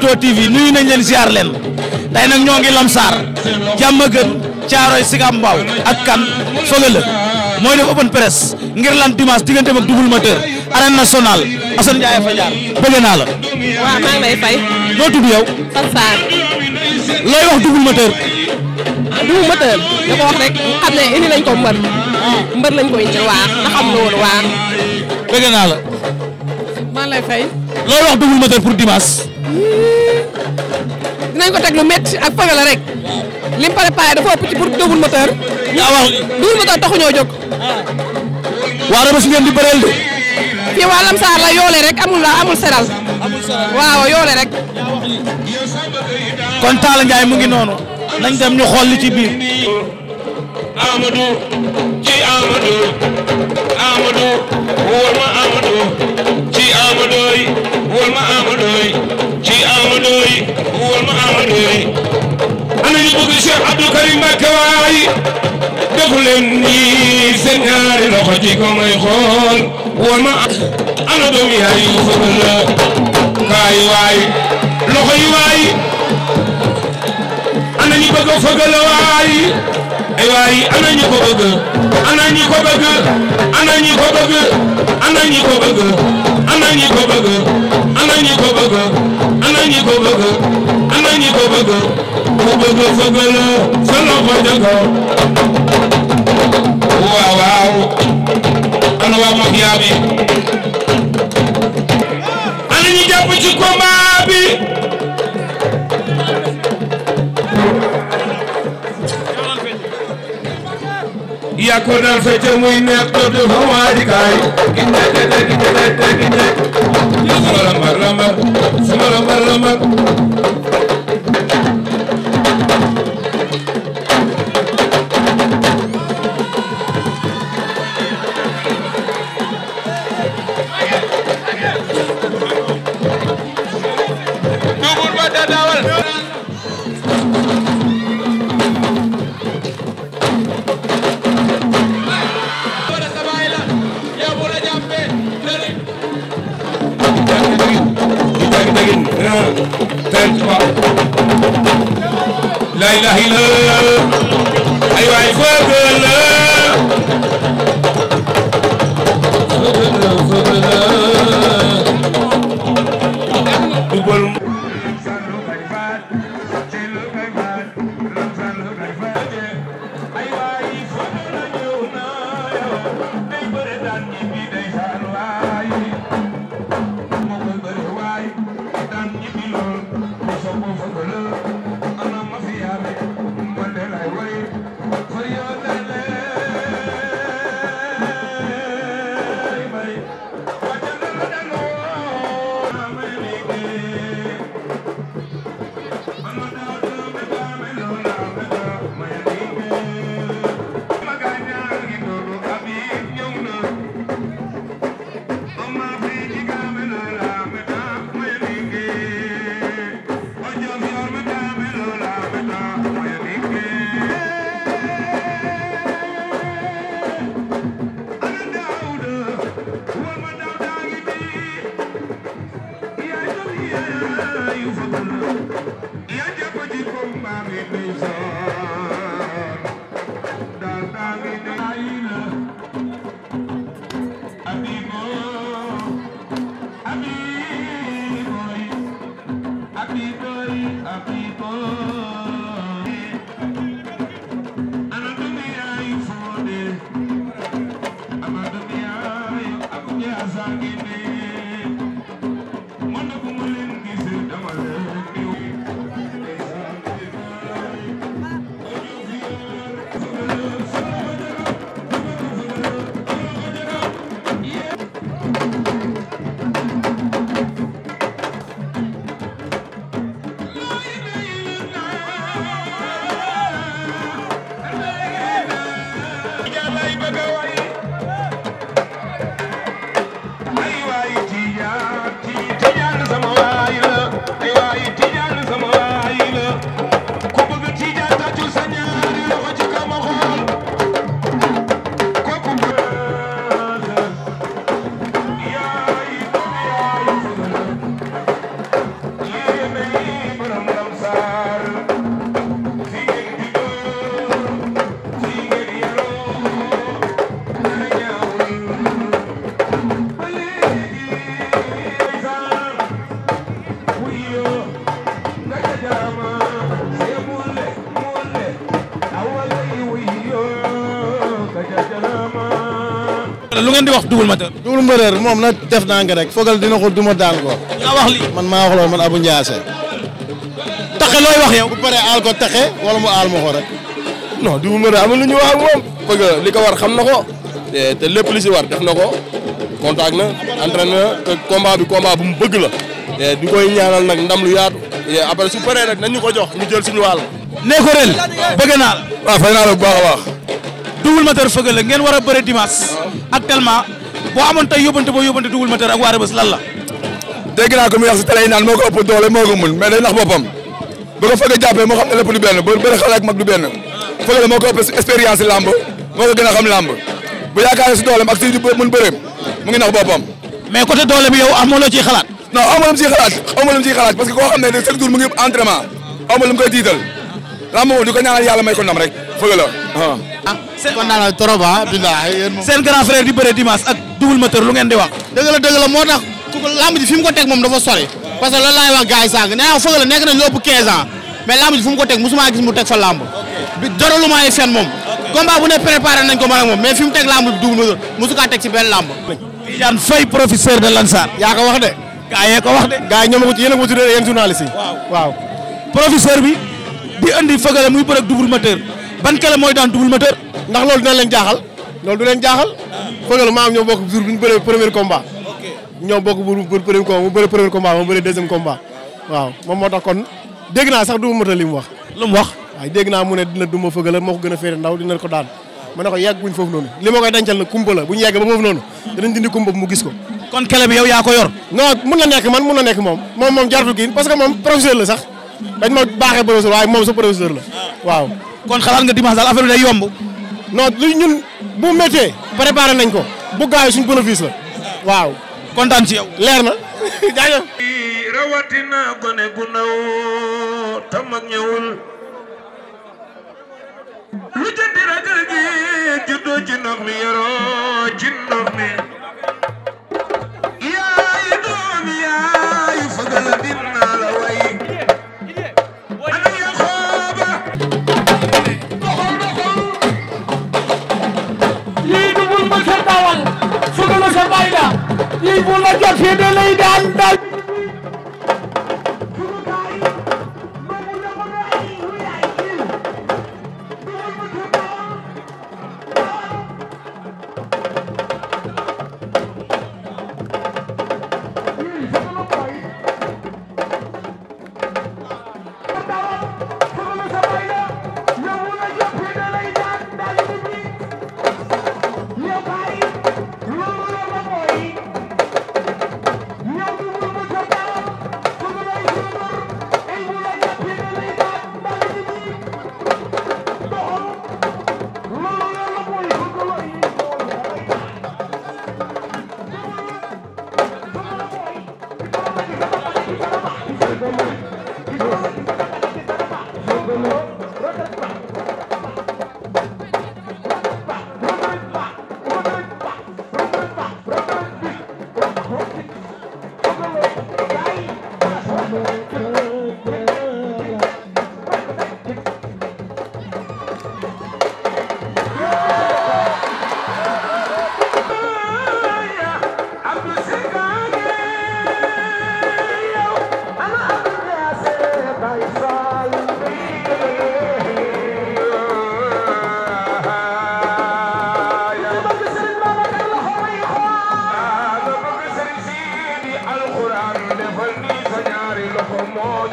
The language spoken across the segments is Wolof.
Leewtoo TV nuyu nañ leen ziar leen nag ñoo ngi Lamsaar jàmm gën Caaroy Sicap Mbao ak kan Feugeuleu mooy def open press ngir lan dimanche digganteem ak double moteur arène nationale Assane Ndiaye fa jaar bëgg naa la. waaw maa ngi lay fay. noo tudd yow. Fatou Sarr. looy wax double moteur. double moteur da ko wax rek xam ne indi lañ ko mbër. mbër lañ ko indi waaw na xam loolu waaw. pour dimanche. dinañ ko teg lu métti ak foofu la rek lim préparé dafa ëpp ci pour double moteur. yaa wax double moteur taxu ñoo jóg. waaw Rebeuss ngeen di bëreel de. fii waa Lamsaar la yoole rek amul amul seral. amul seral waaw yoole rek. kon Talla Ndiaye mu ngi noonu. nañ dem ñu xool ci biir. Amadou ci Amadou Amadou wóor ma Amadou ci Amadou yi wóor ma Amadou yi ci Amadou yi wóor ma Amadou yi ana ñu bëgg Cheikh Abdou Karim Mbacké waay defu leen nii seen loxo ci ko xool wóor ma ana doom loxo yi waay ana ñu bëgg fëgal la waay ay waay ana ko bëgg ana ko bëgg ana ko bëgg ana ko bëgg ana ko bëgg ana ko bëgg ana ko bëgg ana bëgg ku bëgg fëggal sa loxo jago waaw ana waa Mafia bi ana ñi jàpp ci yakkutal fecce muy nekk tot fa waadi kaay ginne te te ginne te ginne suma lambar lambar suma lambar lambar ngeen di wax Double Moteur. Double Moteur moom na def naa nga rek fogal dina ko duma daan ko. yaa wax lii man maa wax loolu man Abou Ndiasse. taxe looy wax yow. bu paree aal ko taxe wala mu aal ma ko rek. non Double Moteur amul lu ñu wax moom. parce li ko war xam na ko. te lépp li si war def na ko. contact na entraîné na te combat bi mu bëgg la. di koy ñaanal nag ndam lu yaatu. après su paree nag nañ ko jox ñu jël suñu wàll. nee ko ren bëgg naa la. Ah, fay naa la bu baax a baax. Double Moteur Feugeuleu ngeen war a bëre dimanche actuellement boo amoon tey yóbbante boo yóbbante Double Moteur ak waa Rebeuss lan la. dégg naa ko muy naan moo ko ëpp doole moo ko mun mais day nax boppam bu ko Feugeuleu jàppee moo xam ne lépp du benn ba mag du benn moo ko ëpp expérience lamb moo ko gën a lamb bu yaakaaree si si di mun bëreem mu ngi nax boppam. mais côté doole bi yow amoo loo ciy xalaat. non amoo lu mu ciy parce que koo xam ne chaque jour mu ko la. Ah. kontaan ah, seen grand frère di bëre dimanche ak double moteur lu ngeen di wax dëgg la moo tax lamb ji fi mu ko teg moom dafa sori parce que loolu laay wax gars yi sànq nee nekk nañ lu ëpp 15 ans mais lamb ji fu mu ko teg musuma gis mu teg fa lamb bi jaraluma ay fen moom combat bu ne préparé nañ ko man moom mais fi mu teg lamb bi double musu kaa teg ci benn lamb yaa ko wax de gaa yee ko wax de gaa yi ñoom ko tuddee yi waaw ndax loolu dina leen jaaxal loolu du leen jaaxal fëgal maam ñoo bokk jour bi ñu bëree premier combat ñoo bokk bu premier combat premier combat mu moo tax naa sax du ma mën mu naa mu ne dina duma fëgal ko gën a foofu noonu li ma dencal na kumpa la bu ñu yàggee ba foofu noonu dinañ dindi kumpa bi mu gis ko kon kele bi yow yaa ko yor non mun na nekk man mun na nekk moom moom moom jartu kii parce que moom professeur la sax dañ ma baaxee professeur waaye moom sa professeur la ah. waaw kon xalaat non li ñun bu méttee préparé nañ ko bu gaawee suñu bénéfice la waaw kontaan ci yow leer na jaajëf rawatina gone gu ndaw te mag lu jëndi ragal gi juddoo ci ndox mi yoroo ci ndox mi yaayu doom yaayu fagal bi na lay da yi bu la jotee da lay daan dal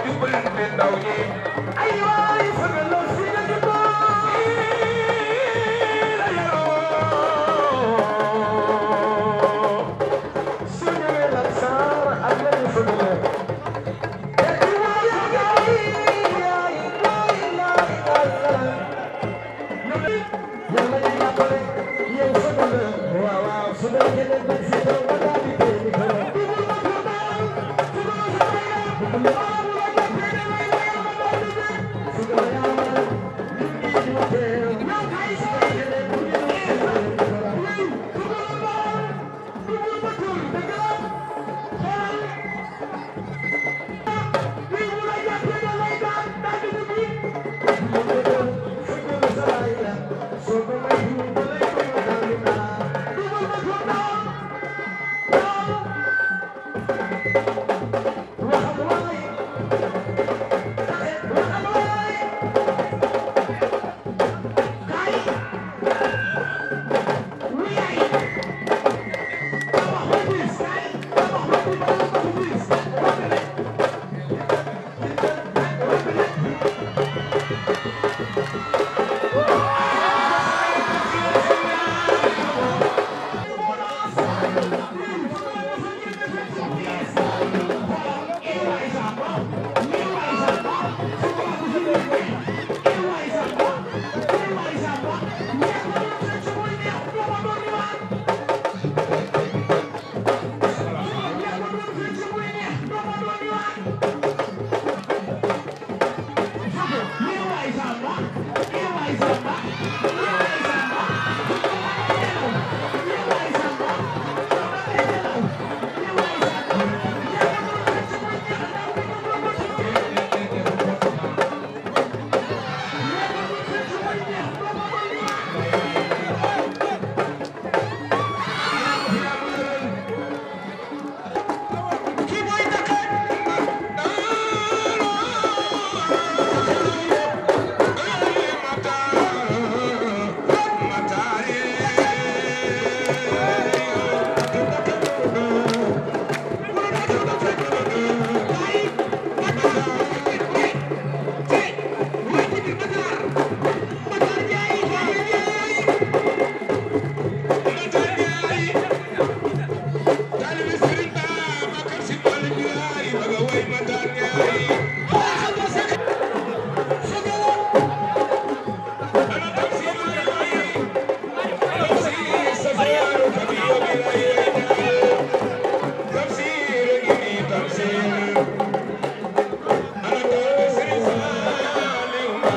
dimbali leen ndaw ñi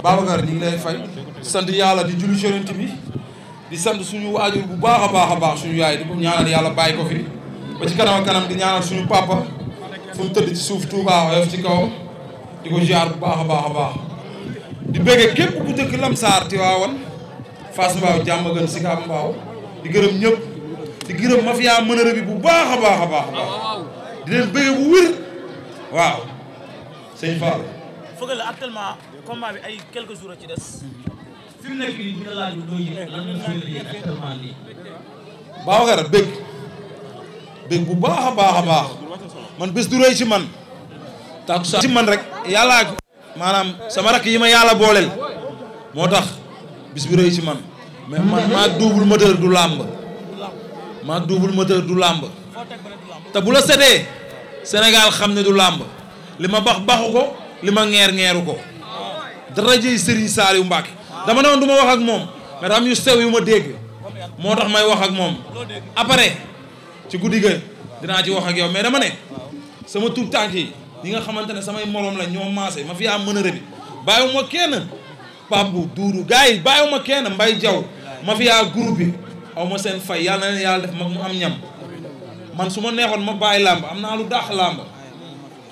Babacar ñu ngi lay fay sant yàlla di julli yonent bi di sant suñu waajur bu baax a baax a baax suñu yaay di ko ñaanal yàlla bàyyi ko fi ba ci kanam kanam di ñaanal suñu papa fu mu tëdd ci suuf Touba oyof ci kaw di ko ziar bu baax a baax a baax di bëggee képp bu dëkk Lamsaar Tiwaawan Fass Mbao jàmm gën Sicap Mbao di gërëm ñëpp di gërëm mafia mënër bi bu baax a baax a baax a baax di leen bëggee bu wér waaw sëñ Fall Feugeule la actuellement bi ay quelques jours a ci des. fi mu nekk nii bëgg bu baax a baax man bés du rëy ci man. takkusaan ci man rek yàllaa maanaam sama rakk yi ma yàlla booleel moo tax bis bi rëy ci man. mais maa double moteur du làmb maa double moteur du làmb te la setee Sénégal xam ne du làmb li ma bax baxu ko. li ma ngeer ngeeru ko darajey Serigne yu Mbacke dama ne woon du ma wax ak moom am sew yu ma dégg moo tax may wax ak moom après ci guddi ga dinaa ci wax ak yow mais dama ne sama tur tànk yi ñi nga xamante ne samay morom la ñoo maase ma fi am mën a rëbi bàyyiwuma kenn Pambu Duuru gars yi bàyyiwuma kenn Mbay Jaw ma fi yaa bi aw ma seen fay yàlla na leen yàlla def mag mu am ñam man su ma neexoon ma bàyyi làmb am naa lu daax làmb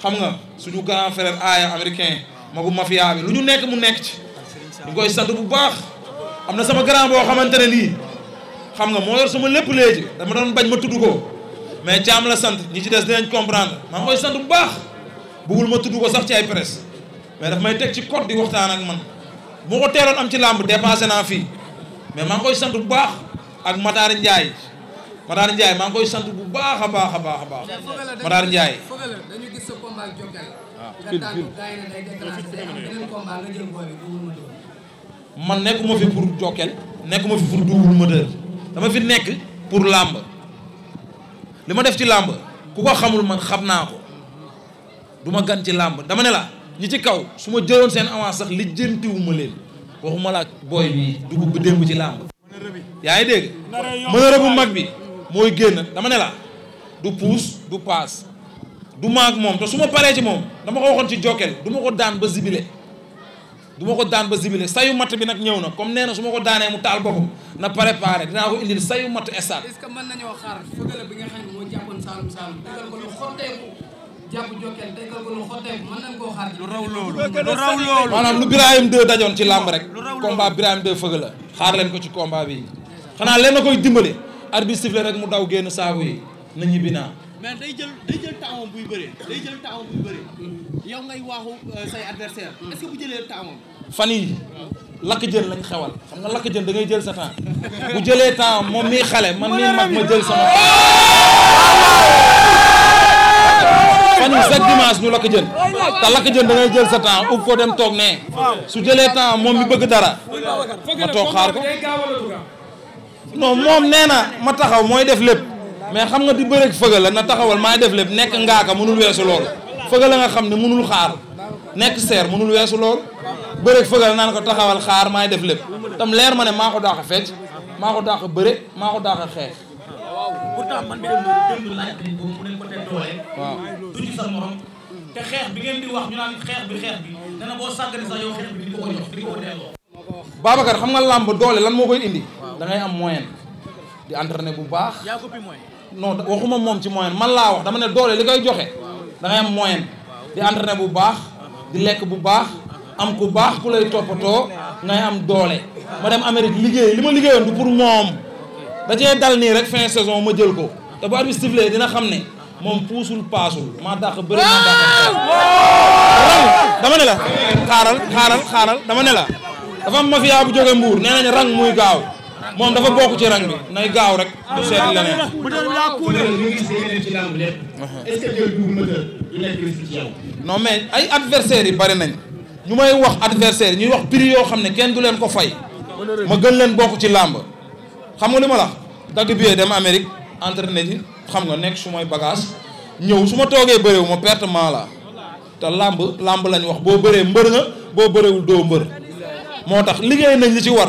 xam nga suñu grand frère aaya américain magu mafia bi lu ñu nekk mu nekk ci ñu koy sant bu baax am na sama grand boo xamante ne nii xam nga moo yor sama lépp léegi dama doon bañ ma tudd ko mais jaam la sant ñi ci des dinañ comprendre maa ngi koy sant bu baax bugul ma tudd ko sax ci ay presse mais daf may teg ci code di waxtaan ak man moo ko teeloon am ci làmb dépassé naa fii mais maa ngi koy sant bu baax ak Matar Ndiaye Madaar Ndiaye maa sant bu baax a baax a baax baax Madaar Ndiaye dañu gis ah. man nekkuma fi pour Jokal nekkuma fi pour Double Moteur dama fi nekk pour làmb li ma def ci làmb ku ko xamul man xam naa ko duma gan ci làmb dama ne la ñi ci kaw su ma jëloon seen avance sax lijjantiwuma leen waxuma laa booy bi dugub bu démb ci làmb yaa ngi dégg mën a rëbu mag bi mooy génn dama ne la du puus du paas du maag moom te su ma paree ci moom dama ko waxoon ci jokel duma ma ko daan ba zibile du ko daan ba zibile sayu matt bi nag ñëw na comme nee na su ma ko daanee mu taal boppam na préparé dinaa ko indil sayu matt estat. est-ce que mën nañoo xaar fëgale bi nga xam ne moo jàppoon Saalum Saalum dëggal ko lu xotteeku jàpp koo xaar. lu raw loolu lu raw loolu. maanaam lu Birahim 2 dajoon ci làmb rek. lu raw loolu combat Birahim 2 fëgala. xaar leen ko ci combat bi xanaa leen na koy dimbali. arbitre sifflé rek mu daw génn saaku yi na ñibbi naa. mais day jël day buy bëree day jël taawam buy bëree yow ngay waaxu euh, say adversaire est-ce que bu jëlee taawam. fan yi lakk jël lañ xewal xam nga lakk jël da ngay jël sa temps bu jëlee temps moom mii xale man mii mag ma jël sama temps fan yi chaque dimanche ñu lakk jën te lakk jël da ngay jël sa temps ub ko dem toog ne su jëlee temps moom mi bëgg dara ma toog xaar ko non moom nee na ma taxaw mooy def lépp mais xam nga di bëreeg fëgal la na taxawal maay def lépp nekk ngaaka mënul weesu lool fëgal la nga xam ne mënul xaar nekk seer mënul weesu lool bëreeg fëgal naan ko taxawal xaar maay def lépp tam leer ma ne maa ko daax a fecc maa ko daax a bëre maa ko daax a xeex. waaw pourtant man bi waaw te xeex bi ngeen di wax ñu naan xeex bi xeex bi dana xam nga làmb doole lan moo koy indi. da ngay am moyen di entraîner bu baax. yaa ko non waxuma moom ci moyen man laa wax dama ne doole li koy joxe da am moyen di entraîner bu baax di lekk bu baax am ku baax ku lay toppatoo ngay am doole. ma dem Amérique liggéey li ma liggéeyoon du pour moom da cee dal nii rek fin saison ma jël ko te bu arbitre dina xam ne moom puusul paasul maa dàq bëri maa dàq dama ne la xaaral xaaral xaaral dama ne la dafa am mafia bu jóge Mbuur nee nañ rang muy gaaw. moom dafa bokk ci rang bi nay gaaw rek du seet leneen. Uh-huh. non mais ay adversaires yi bari nañ ñu may wax adversaire ñuy wax prix yoo xam ne kenn du leen ko fay ma gën leen bokk ci làmb xam nga li ma la dagg billet dem Amérique entraîné ji xam nga nekk su may bagage ñëw su ma toogee bëréewu ma perte maa la te làmb làmb lañ wax boo bëree mbër nga boo bëreewul doo mbër moo tax liggéey nañ li ci war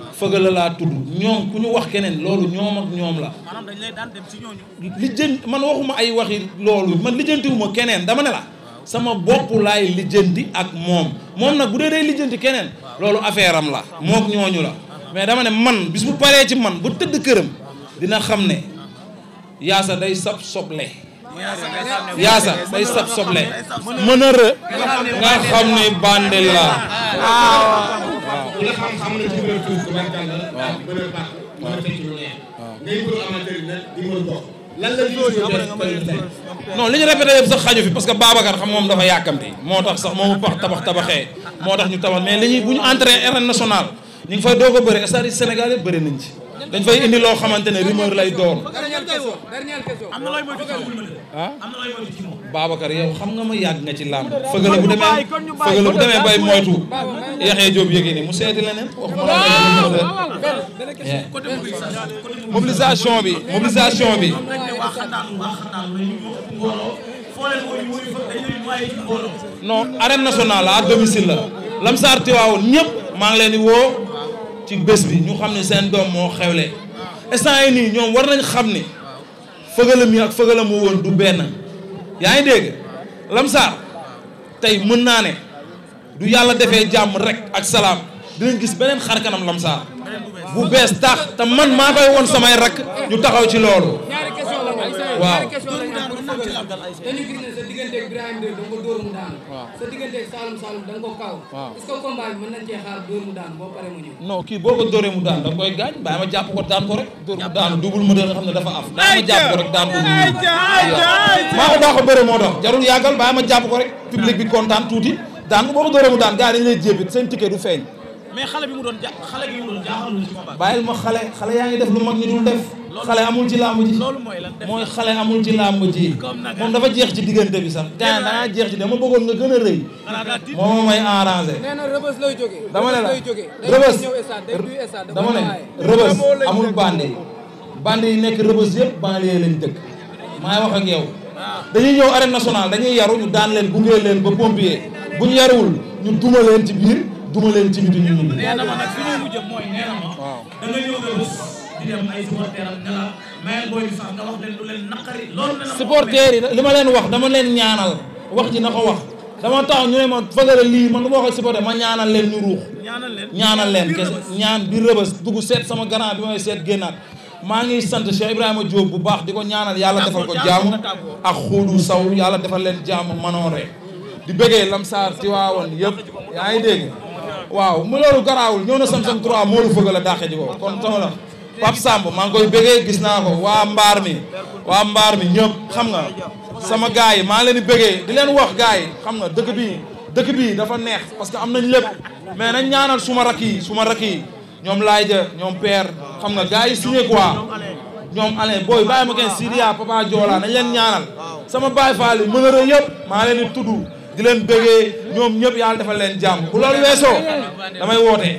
fëgal la laa tudd ñoom ku ñu wax keneen loolu ñoom ak ñoom la. maanaam dañ lay daan dem ci ñooñu. lijjanti man waxuma ay waxi loolu man lijjantiwuma keneen dama ne la. sama bopp laay lijjanti ak moom moom nag bu dee day lijjanti keneen. loolu affaire am la. mook ñooñu la. mais dama ne man bis bu paree ci man bu tëdd këram. dina xam ne yaasa day sab soble. yaasa day sab soble. mën a rë. nga xam ne bande la. Ah, ku la xam a baax mën a fecc li ñu répété yëpp sax xaju fi parce que Babacar xam moom dafa yàkkamti moo tax sax moomu pax tabax tabaxee moo tax ñu tabax mais li ñuy bu ñu entré arène nationale ñu ngi fay doog a bëri c'est-à-dire Sénégal yëpp bëri nañ ci dañ fay indi loo xamante ne rumeur lay doon. ah Babacar xam nga ma yàgg nga ci làmb fëgala bu demee fëgala bu demee bay moytu yaxee Joob yëgee ni mu seeti la wax ma la mobilisation bi mobilisation bi non arène nationale à domicile la lam saar tiwaawoon maa ngi leen woo ci bés bi ñu xam ne seen doom moo xewle instant yi nii ñoom war nañ xam ni fëgalam yi ak fëgalam woon du benn yaa ngi dégg lamsaar tey mën naa ne du yàlla defee jàmm rek ak salaam dinañ gis beneen xar kanam lamsaar bu bees tax te man maa koy woon samay rakk ñu taxaw ci loolu waaw. sa digganteeg Saalum Saalum da nga ko kaaw. waaw est-ce que combat bi mën nañ cee da koy gaañ bàyyi ma jàpp ko daan ko rek. daan double moteur jàpp maa ko daa ko bëre moo tax jarul yàggal bàyyi ma jàpp ko rek. public bi kontaan tuuti daan ko boo ko dóoree mu daan gars yi dañu lay jébbit seen ticket du feeñ. mais xale bi mu doon ja xale ma xale xale yaa ngi def lu mag ñu dul def xale amul ci làmb ji mooy xale amul ci làmb ji moom dafa jeex ci diggante bi sax te dangaa jeex ci dama bëggoon nga gën a rëy moom moo may arrangé dama ne la rëbës dama ne rëbës amul bande bande yi nekk rëbës yëpp banlieue lañ dëkk maay wax ak yow ah. dañuy ñëw arène nationale dañuy yaru ñu daan leen gunge leen ba pompier bu ñu yaruwul ñu duma leen ci biir duma leen ci biti ñu ñibbi nee na ma nag fi ñu mujj mooy nee na ma da di dem ay supporter am ne la mayal booy yi li ma leen wax dama leen ñaanal wax ji na ko wax dama tax ñu ne ma fële lii man lu ma waxee supporter ma ñaanal leen ñu ruux. ñaanal leen ñaanal leen kese ñaan bi rëbës dugg seet sama grand bi may seet génnaat. maa ngi sant Cheikh Ibrahima Diop bu baax di ko ñaanal yàlla defal ko jaamu ak Xudu Saw yàlla defal leen jaam manoore di bëggee Lamsaar Tiwaawoon yëpp yaa ngi dégg waaw mu loolu garaawul ñëw na Samsung 3 moo lu fëgg la dàqe ji ko kon sama la Pape Samb maa ngi koy bëggee gis naa ko waa mbaar mi waa mbaar mi ñëpp xam nga sama gars yi maa leen di bëggee di leen wax gars yi xam nga dëkk bi dëkk bi dafa neex parce que am nañ lépp mais nañ ñaanal suma rakk suma rakk yi ñoom Laayja ñoom Père xam nga gars yi signé quoi ñoom Alain booy bàyyi ma kenn Sidia Papa Joola nañ leen ñaanal sama baay faal yi mën yëpp maa leen di tudd di leen bëggee ñoom ñëpp yàlla defal leen jàmm bu loolu damay woote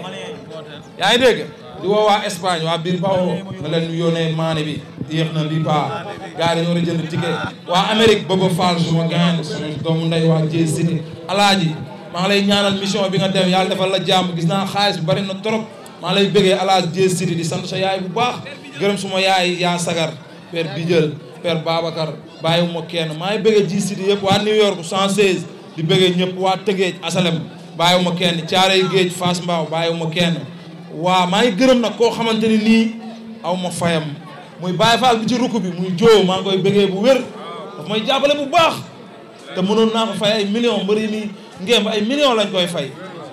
yaa ngi dégg di woo waa Espagne waa Bilbao nga leen ñu yónnee bi yéex na lii paa gars yi dañoo war a jënd ticket waa amerique Bobo Fall suma gaan suñu doomu ndey waa Jey City alaaji maa lay ñaanal mission bi nga dem yàlla defal la jàmm gis naa xaalis bu bari na trop maa lay bëggee alaaji Jey City di sant sa yaay bu baax gërëm suma yaay yaa sagar père Bidjël père Babacar bàyyiwuma kenn maa ngi bëggee Jey City yëpp waa New York 116 di bëggee ñëpp waa Tëngéej Asalem bàyyiwuma kenn Caaray Géej Fass Mbaaw bàyyiwuma kenn waaw maa ngi gërëm nag koo xamante ni nii aw ma fayam muy Baye Fall bi ci rukk bi muy joo maa ngi koy bëggee bu wér daf may jàppale bu baax te mënoon naa ko fay ay millions mbëri nii ngeem ay millions lañ koy fay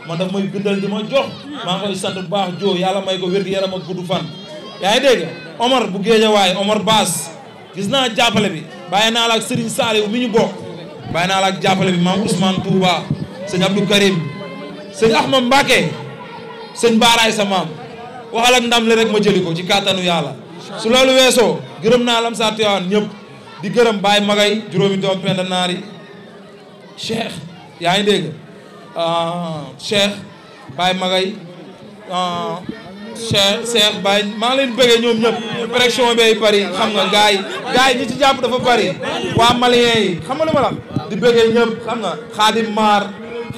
man daf may bindal di ma jox maa koy sant bu baax joo yàlla may ko wér gi yaram ak gudd fan yaa ngi dégg Omar bu Géejawaay Omar Baas gis naa jàppale bi bàyyi naa la ak Serigne Saliou mi ñu naa la ak jàppale bi maam Ousmane Touba sëñ Abdou Karim sëñ sëñ baaraay sa maam waxal ndam le rek ma jëli ko ci kàttanu yàlla su loolu weesoo gërëm naa lam saa Tiwaawan ñëpp di gërëm Baye Magay juróomi doom penda naar yi Cheikh yaa ngi dégg ah, Cheikh Baye Magay ah, Cheikh Cheikh Baye leen bëggee ñoom ñëpp pression bi ay bari xam nga gars yi ñi ci jàpp dafa bari waa Malien yi lu ma di bëggee ñëpp xam nga Xaadim Maar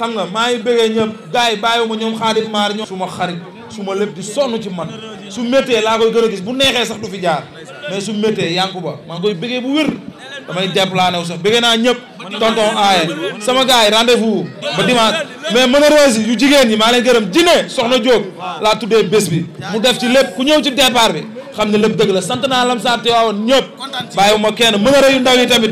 xam nga maa ngi bëggee ñëpp gars yi bàyyiwuma ñoom xaarit maar ñoom. su ma xarit su ma lépp di sonn ci man su méttee laa koy gën a gis bu neexee sax du fi jaar mais su méttee Yankuba maa ngi koy bëggee bu wér damay déplané wu sax bëggee naa ñëpp tonton aaye sama gars yi rendez-vous ba dimanche a meneureuse yu jigéen ñi maa leen gërëm jine soxna Diop laa tuddee bés bi mu def ci lépp ku ñëw ci départ bi xam ne lépp dëgg la sant naa lam saa teewaawoon ñëpp bàyyiwuma kenn meneur yu ndaw yi tamit